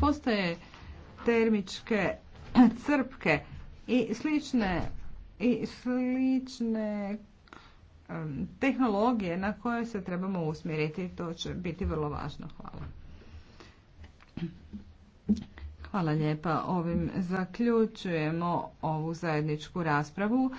postoje termičke crpke i slične i slične tehnologije na koje se trebamo usmjeriti. To će biti vrlo važno. Hvala. Hvala lijepa. Ovim zaključujemo ovu zajedničku raspravu.